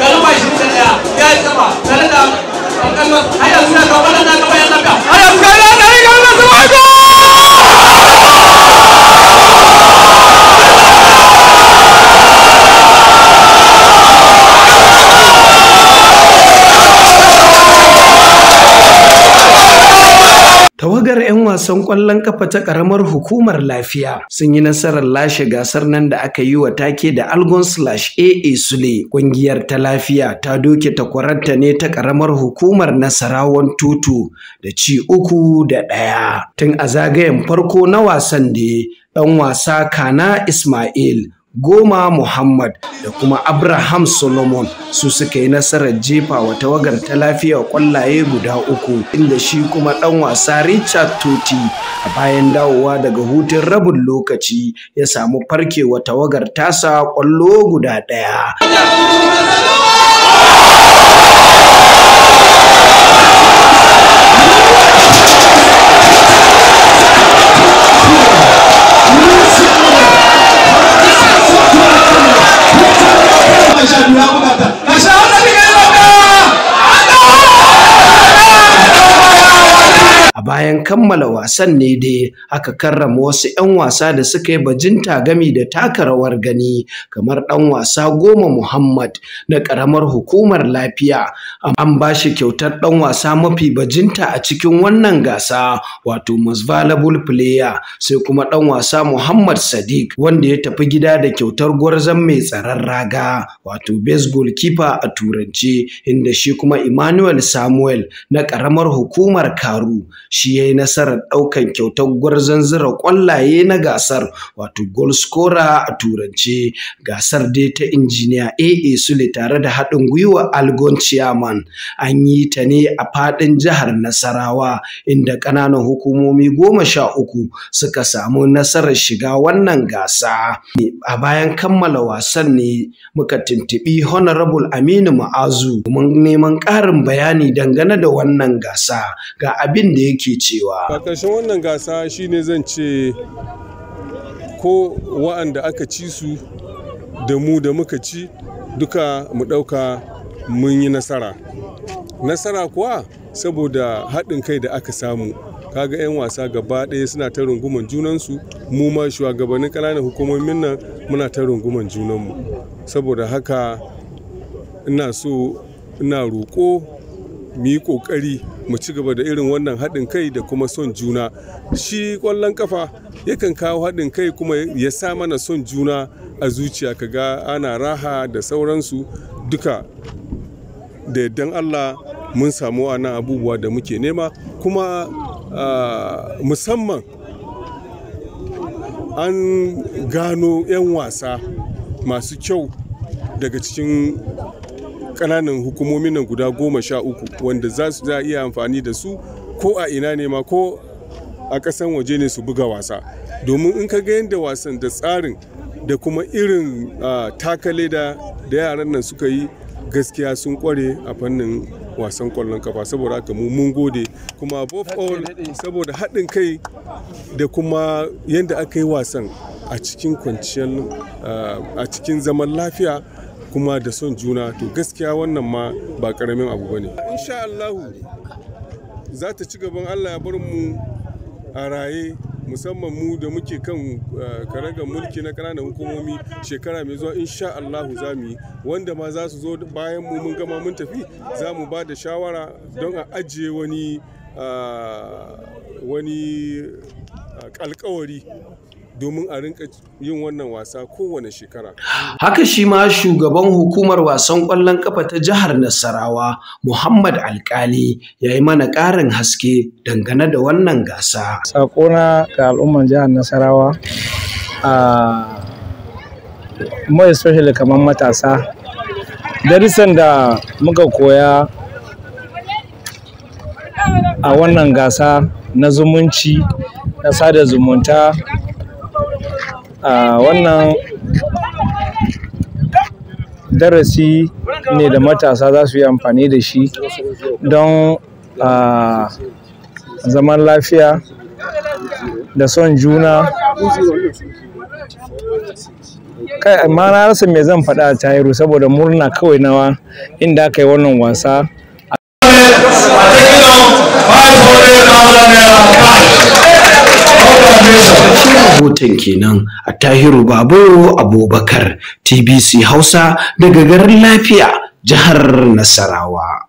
garba shi daya ya yi sama tare da alƙalmar har yanzu Tawagar 'yan wasan ƙwallon kafa ta ƙaramar hukumar lafiya sun yi nasarar lashe gasar nan da aka yi wa take da Algon slash AA Sule. Ƙungiyar ta lafiya ta doke takwararta ne ta ƙaramar hukumar Nasarawan Tutu da ci uku da ɗaya. Tun a zagayen farko na wasan da ɗan wasa Kana Ismail goma Muhammad da kuma Abraham Solomon su suka yi nasarar jefa wa tawagar ta lafiya kwallaye guda uku inda shi kuma ɗan wasa Richard Totti a bayan dawowa daga hutun rabin lokaci ya samu farkewa tawagar tasa ƙwallo guda ɗaya. bayan kammala wasan ne dai aka karrama wasu 'yan wasa da suka yi bajinta gami da taka rawar gani kamar ɗan wasa goma muhammad na ƙaramar hukumar lafiya an ba shi kyautar ɗan wasa mafi bajinta a cikin wannan gasa wato most valuable player sai kuma ɗan wasa muhammad sadiq wanda ya tafi gida da kyautar gwarzon mai tsaron raga wato best goalkeeper a turance inda shi kuma emmanuel samuel na ƙaramar hukumar karu shi ya yi nasarar ɗaukan kyautar gwarzon zira ƙwallaye na gasar wato goal scorer a turance gasar dai ta injiniya AA Sule tare da haɗin gwiwa Algon Chairman an yi ta ne a faɗin jihar Nasarawa inda ƙananan hukumomi goma sha uku suka samu nasarar shiga wannan gasa a bayan kammala wasan ne muka tuntuɓi Honorable Aminu Ma'azu domin neman ƙarin bayani dangane da wannan gasa ga abin da yake cewa a ƙarshen wannan gasa shine zan ce ko wa'anda aka ci su da mu da muka ci duka mu ɗauka mun yi nasara nasara kuwa saboda haɗin kai da aka samu kaga 'yan wasa gaba ɗaya suna ta runguman junansu mu ma shugabannin ƙananan hukumomin nan muna ta runguman junanmu saboda haka ina so ina roƙo mu yi ƙoƙari mu ci gaba da irin wannan haɗin kai da kuma son juna shi ƙwallon kafa yakan kawo haɗin kai kuma ya sa mana son juna a zuciya ka ga ana raha da sauransu duka da yardan allah mun samu ana abubuwa da muke nema kuma musamman an gano 'yan wasa masu kyau daga cikin ƙananan hukumomin nan guda goma sha uku wanda za su za iya amfani da su ko a ina ne ma ko a ƙasan waje ne su buga wasa domin in ka ga yadda wasan da tsarin da kuma irin takale da yaran nan suka yi gaskiya sun kware a fannin wasan kwallon kafa saboda haka mu mun gode kuma above all saboda haɗin kai da kuma yadda aka yi wasan a cikin kwanciyar a cikin zaman lafiya kuma da son juna to gaskiya wannan ma ba karamin abu ba ne. Allahu za ta ci gaban Allah ya bar mu a raye musamman mu da muke kan eh, karagar mulki na kananan hukumomi shekara mai zuwa insha Allahu za mu yi wanda ma za su zo bayan mu mun gama mun tafi za mu ba da shawara don a ajiye wani ah, wani ah, alkawari domin a rinka yin wannan wasa kowane shekara. Haka shi ma shugaban hukumar wasan ƙwallon ƙafa ta jihar Nasarawa Muhammad Alkali ya yi mana ƙarin haske dangane da wannan gasa. Sakona ga al'umman jihar Nasarawa mai especially kamar matasa darisan da muka koya a wannan gasa na zumunci na sada zumunta a wannan darasi ne da matasa za su yi amfani da shi don a zaman lafiya da son juna kai amma na rasa me zan faɗa a tahiru saboda murna kawai nawa inda aka yi wannan wasa A rahoton kenan a tahiru Babu abubakar tbc hausa daga garin lafiya jihar nasarawa